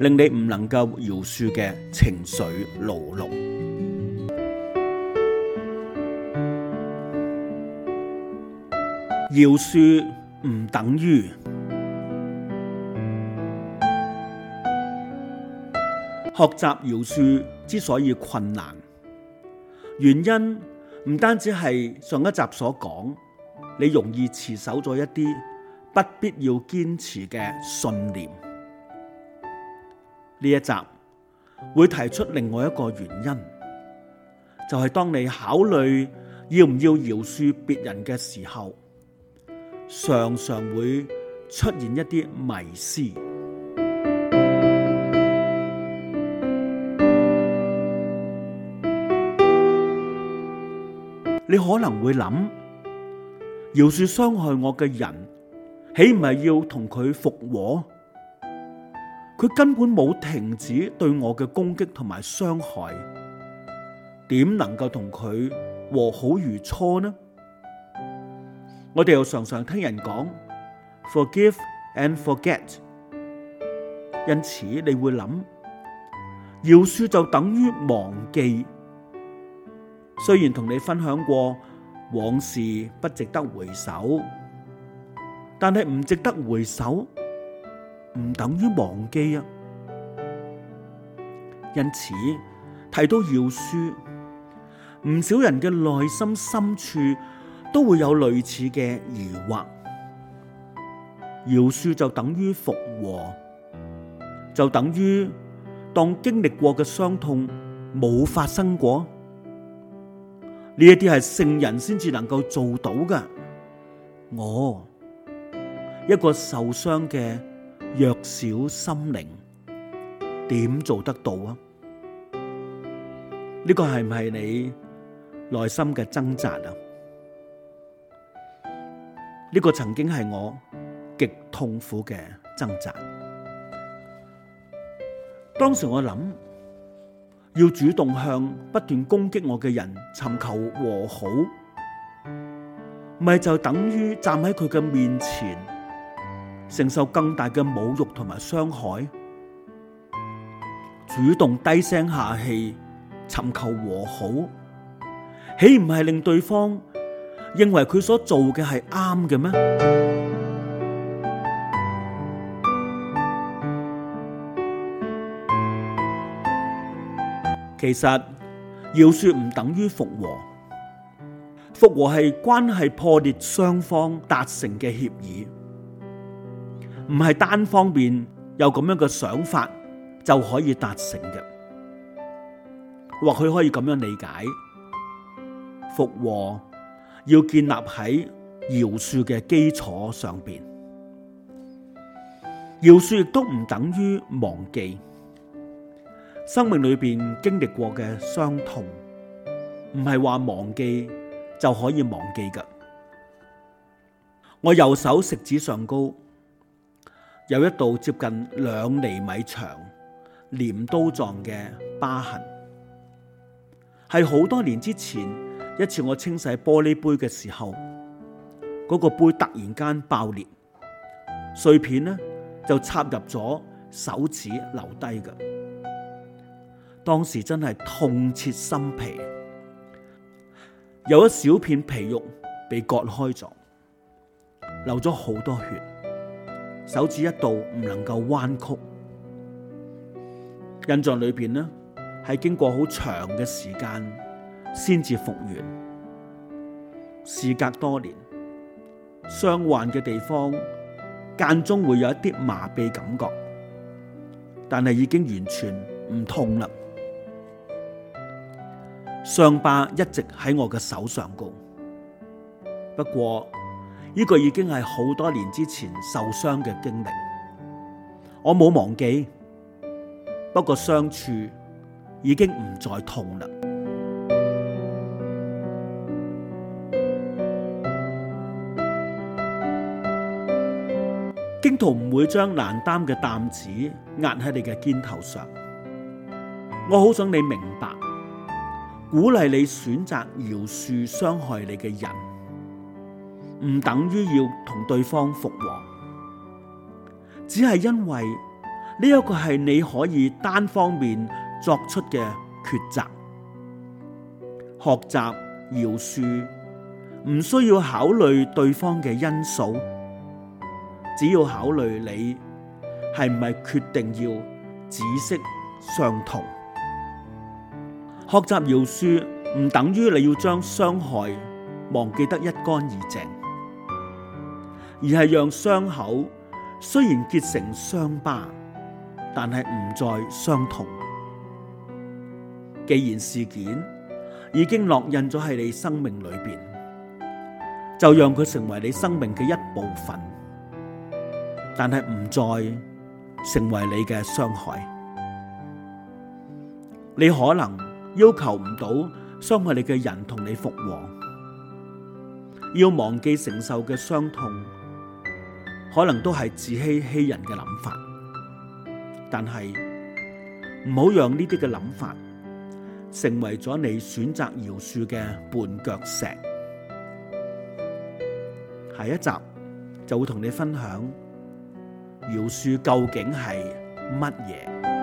令你唔能夠饒恕嘅情緒牢籠，饒恕唔等於。學習饒恕之所以困難，原因唔單止係上一集所講，你容易持守咗一啲不必要堅持嘅信念。呢一集會提出另外一個原因，就係當你考慮要唔要饒恕別人嘅時候，常常會出現一啲迷思。你可能會諗，饒恕傷害我嘅人，豈唔係要同佢復和？佢根本冇停止對我嘅攻擊同埋傷害，點能夠同佢和好如初呢？我哋又常常聽人講 forgive and forget，因此你會諗饒恕就等於忘記。雖然同你分享過往事不值得回首，但係唔值得回首。唔等於忘記啊！因此提到饒恕，唔少人嘅內心深處都會有類似嘅疑惑。饒恕就等於復和，就等於當經歷過嘅傷痛冇發生過。呢一啲係聖人先至能夠做到噶。我一個受傷嘅。弱小心靈點做得到啊？呢個係唔係你內心嘅掙扎啊？呢個曾經係我極痛苦嘅掙扎。當時我諗，要主動向不斷攻擊我嘅人尋求和好，咪就等於站喺佢嘅面前，承受更大嘅侮辱同埋傷害，主動低聲下氣尋求和好，豈唔係令對方認為佢所做嘅係啱嘅咩？其實，饒恕唔等於复和，复和係關係破裂雙方達成嘅協議。唔係單方面有咁樣嘅想法就可以達成嘅，或許可以咁樣理解，復和要建立喺饒恕嘅基礎上邊，饒恕亦都唔等於忘記，生命裏邊經歷過嘅傷痛，唔係話忘記就可以忘記噶。我右手食指上高，有一道接近兩厘米長鐮刀狀嘅疤痕，係好多年之前一次我清洗玻璃杯嘅時候，嗰個杯突然間爆裂，碎片呢就插入咗手指留低嘅，當時真係痛徹心脾，有一小片皮肉被割開咗，流咗好多血。手指一度唔能夠彎曲，印象裏邊呢係經過好長嘅時間先至復原。事隔多年，傷患嘅地方間中會有一啲麻痹感覺，但係已經完全唔痛啦。傷疤一直喺我嘅手上高，不過。呢個已經係好多年之前受傷嘅經歷，我冇忘記，不過相處已經唔再痛啦。荊徒唔會將難擔嘅擔子壓喺你嘅肩頭上，我好想你明白，鼓勵你選擇饒恕傷害你嘅人。唔等於要同對方復和，只係因為呢一個係你可以單方面作出嘅抉擇。學習饒恕唔需要考慮對方嘅因素，只要考慮你係唔係決定要止息傷痛。學習饒恕唔等於你要將傷害忘記得一乾二淨。而係讓傷口雖然結成傷疤，但係唔再傷痛。既然事件已經烙印咗喺你生命裏面，就讓佢成為你生命嘅一部分，但係唔再成為你嘅傷害。你可能要求唔到傷害你嘅人同你復和，要忘記承受嘅傷痛，可能都係自欺欺人嘅諗法，但係唔好讓呢啲嘅諗法成為咗你選擇饒恕嘅絆腳石。下一集就會同你分享饒恕究竟係乜嘢。